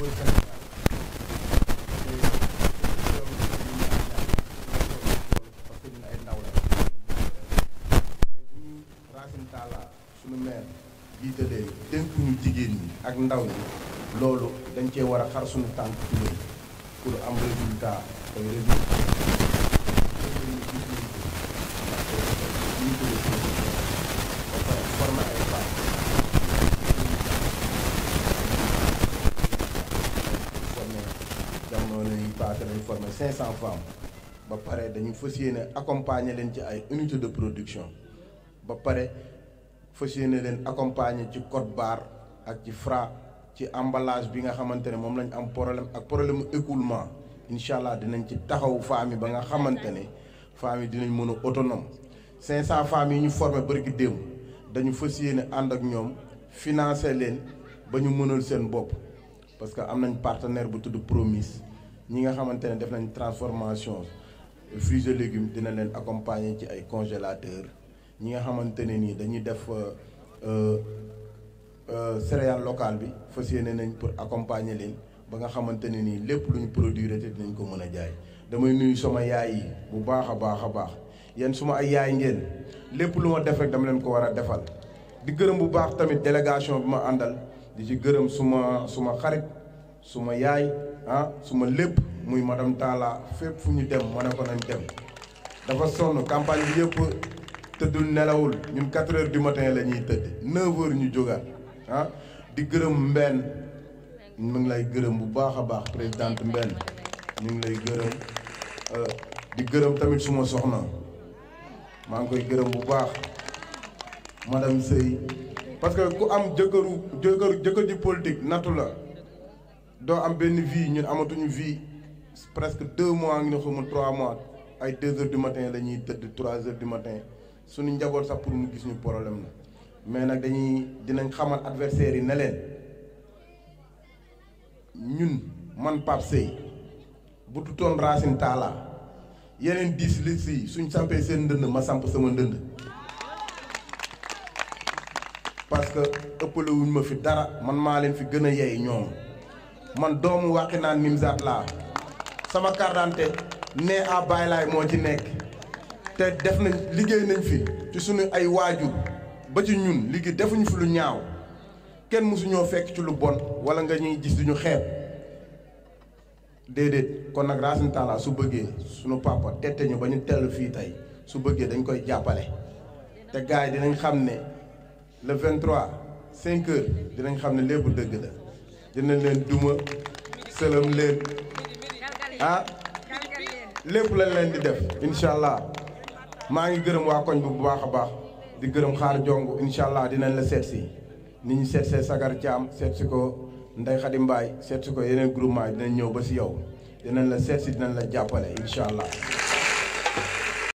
mooy Sénégal parce que ay ndaw la ñu Racine Talla suñu jigéen ñi ak ndaw ñi loolu dañ cee war a xar suñu tànk ci pour am résultat ay résultat n'oublie pas que dañ former 500 femmes ba pare dañu fas accompagner leen ci ay unité de production ba pare fas leen accompagner ci code barre ak ci Fra ci emballage bi nga xamantene mom lañ am problème ak problème écoulement Inshallah, dinañ ci taxaw femmes ba nga xamantene ne dinañ mëna autonome 500 femmes yi ñu formé bërki dem dañu fas and ak ñom financer leen ba ñu mënal seen bop parce que am nañ partenaire bu tudd Promise ñi nga xamante ne def nañ transformation fruits et légumes dina leen accompagner ci ay congélateur ñi nga xamante ni nii dañuy def euh, euh, euh, céréale locale bi fas yéene nañ pour accompagner leen ba nga xamante ne nii lépp lu ñu produire te dinañ ko mën a jaay damay nuyu sama yaay yi bu baax a baax a baax yéen suma ay yaay ngeen lépp lu ma def rek dama leen ko war a defal di gërëm bu baax tamit délégation bi ma di ci gërëm suma suma xarit suma yaay ah su ma lépp muy madame Talla fépp fu ñu dem ma ne ko nañ dem dafa sonn campagne bi yëpp tëddul nelawul ñun 4 heures du matin la ñuy tëdd 9 heures ñu jógaat ah di gërëm mbenn mu ngi lay gërëm bu baax a baax présidente mbenn ñu ngi lay gërëm euh, di gërëm tamit suma soxna maa ngi koy gërëm bu baax madame Seye parce que ku am jëkkëru jëkkëru jëkkër ji politique nattu la doo am benn vie ñun amatuñu vie presque deux mois ngi ne xamul trois mois ay deux heures du matin la ñuy tëdd trois heures du matin suñu njaboot sax pour ñu gis ñu problème la mais nag dañuy dinañ xamal adversaire yi ne leen ñun man pap Seye bu tutoon Racine Talla yeneen dix listes yi suñ sampee seen ndënd ma samp sama ndënd parce que ëppalewuñ ma fi dara man maa leen fi gën a yey ñoom man doomu Wakhinane Nimzatt laa sama carte ne à baylaay moo ci nekk te def na liggéey nañ fi ci suñu ay waajur ba ci ñun liggéey defuñu fi lu ñaaw kenn mësuñoo fekk ci lu bon wala nga ñuy gis duñu xeeb déedéet kon nag Racine Talla su bëggee suñu papa tette ñu ba ñu tell fii tey su bëggee dañ koy jàppale te gars yi dinañ xam ne le 23 5 heures dinañ xam ne lépp dëgg la dina leen duma sëlëm leen ah lépp lañ leen di def incha allah maa ngi gërëm waa koñ bi bu baax a baax di gërëm xaar jong incha allah dinañ la seet ni ñu seet sagar caam seet si ko Ndey Xadi Mbaay seet ko yeneen groupement dinañ ñëw ba si yow dinañ la seet si dinañ la jàppale incha allah